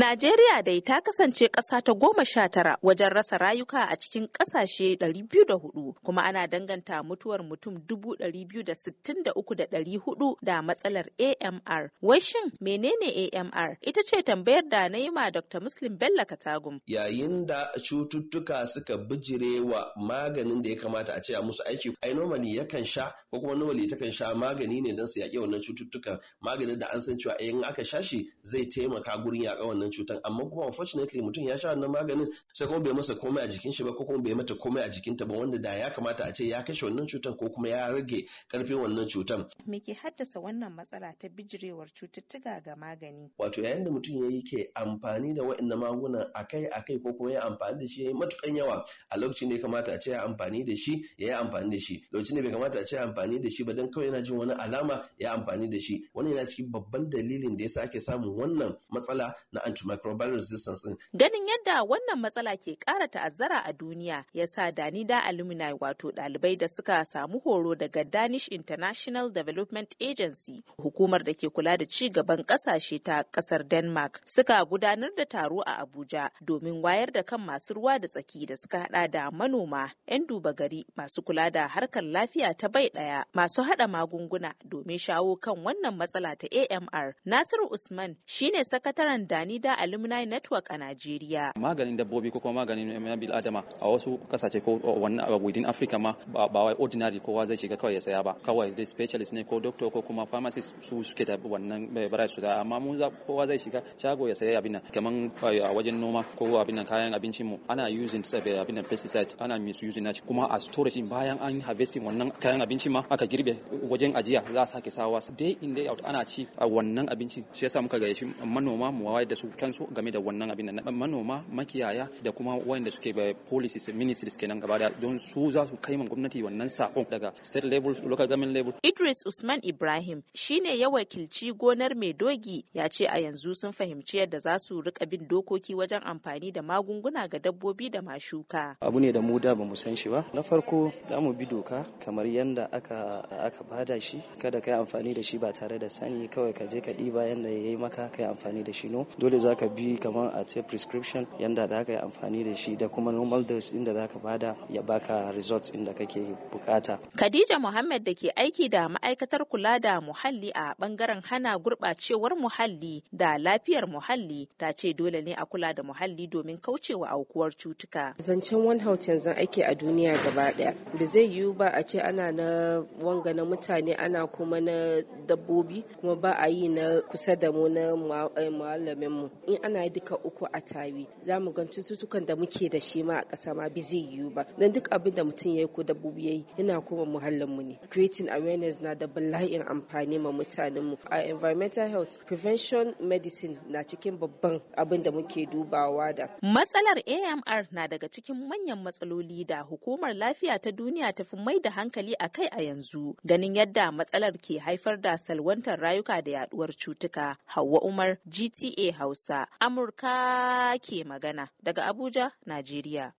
Najeriya dai ta kasance ƙasa ta goma sha tara wajen rasa rayuka a cikin ƙasashe 204 kuma ana danganta mutuwar mutum 263,400 da da matsalar AMR. Wai shin menene AMR? Ita ce tambayar da na yi ma Dr. Muslim Bello Katagum. Yayin da cututtuka suka bijire wa maganin da ya kamata a ce musu aiki, ai normally yakan sha ko kuma normally takan sha magani ne don su yaƙi wannan cututtukan maganin da an san cewa in aka sha shi zai taimaka gurin yaƙa wannan wannan cutar amma kuma unfortunately mutum ya sha wannan maganin sai kuma bai masa komai a jikin shi ba ko kuma bai mata komai a jikin ta ba wanda da ya kamata a ce ya kashe wannan cutar ko kuma ya rage karfin wannan cutar me ke haddasa wannan matsala ta bijirewar cututtuka ga magani wato yayin da mutum ya yayi ke amfani da wa'annan magunan akai akai ko kuma ya amfani da shi yayi matukan yawa a lokacin da ya kamata a ce ya amfani da shi ya yi amfani da shi lokacin da bai kamata a ce ya amfani da shi ba dan kawai yana jin wani alama ya amfani da shi wannan yana cikin babban dalilin da yasa ake samun wannan matsala na anti antimicrobial resistance din. Ganin yadda wannan matsala ke ƙara ta'azzara a duniya ya sa Danida Alumni wato ɗalibai da suka samu horo daga Danish International Development Agency hukumar da ke kula da ci gaban ƙasashe ta ƙasar Denmark suka gudanar da taro a Abuja domin wayar da kan masu ruwa da tsaki da suka haɗa da manoma, 'yan duba gari masu kula da harkar lafiya ta bai ɗaya masu haɗa magunguna domin shawo kan wannan matsala ta AMR. Nasiru Usman shine sakataren Dani Farida Alumni Network a Najeriya. Maganin dabbobi ko kuma maganin bil adama a wasu kasashe ko wannan within Africa ma ba wai ordinary kowa zai shiga kawai ya saya ba. Kawai dai specialist ne ko doctor ko kuma pharmacist su suke da wannan barai eh, su da amma mu kowa zai shiga shago ya saya abin nan kaman eh, a wajen noma ko abin nan kayan abincin mu ana using eh, abin nan pesticide ana misusing na kuma a storage bayan an harvesting wannan kayan abincin ma aka girbe wajen ajiya za a sake sawa day in day out ana ci a wannan abincin shi yasa muka ga shi manoma mu wayar da su kansu game da wannan abin na manoma makiyaya da kuma wayanda suke bai policies ministries kenan gaba da don su za su kai gwamnati wannan sakon daga state level local government level Idris Usman Ibrahim shine ya wakilci gonar mai dogi ya ce a yanzu sun fahimci yadda za su rika bin dokoki wajen amfani da magunguna ga dabbobi da mashuka abu ne da mu da bamu san shi ba na farko za mu bi doka kamar yadda aka aka bada shi kada kai amfani da shi ba tare da sani kawai ka je ka diba yadda yayi maka kai amfani da shi no dole za ka bi kamar a ce prescription yadda za ka yi amfani da shi da kuma normal dose inda za ka bada ya baka results inda kake bukata. Khadija Muhammad da ke aiki da ma'aikatar kula da muhalli a bangaren hana gurɓacewar muhalli da lafiyar muhalli ta ce dole ne a kula da muhalli domin kaucewa aukuwar cutuka. Zancen One Health yanzu ake a duniya gaba ɗaya. Ba zai yiwu ba a ce ana na wanga na mutane ana kuma na dabbobi kuma ba a yi na kusa da mu na eh, muallamin mu in ana duka uku a tawi za mu gan cututtukan da muke da shi ma a ƙasa ma bi zai yiwu ba dan duk abin da mutum ya yi ko dabbobi ya yi yana kuma muhallin mu ne creating awareness na da bala'in amfani ma mutanen mu a environmental health prevention medicine na cikin babban abin da muke dubawa da matsalar AMR na daga cikin manyan matsaloli da hukumar lafiya ta duniya ta fi mai da hankali a kai a yanzu ganin yadda matsalar ke haifar da salwantar rayuka da yaduwar cutuka Hauwa Umar GTA Hausa Hausa, Amurka ke magana daga Abuja, Najeriya.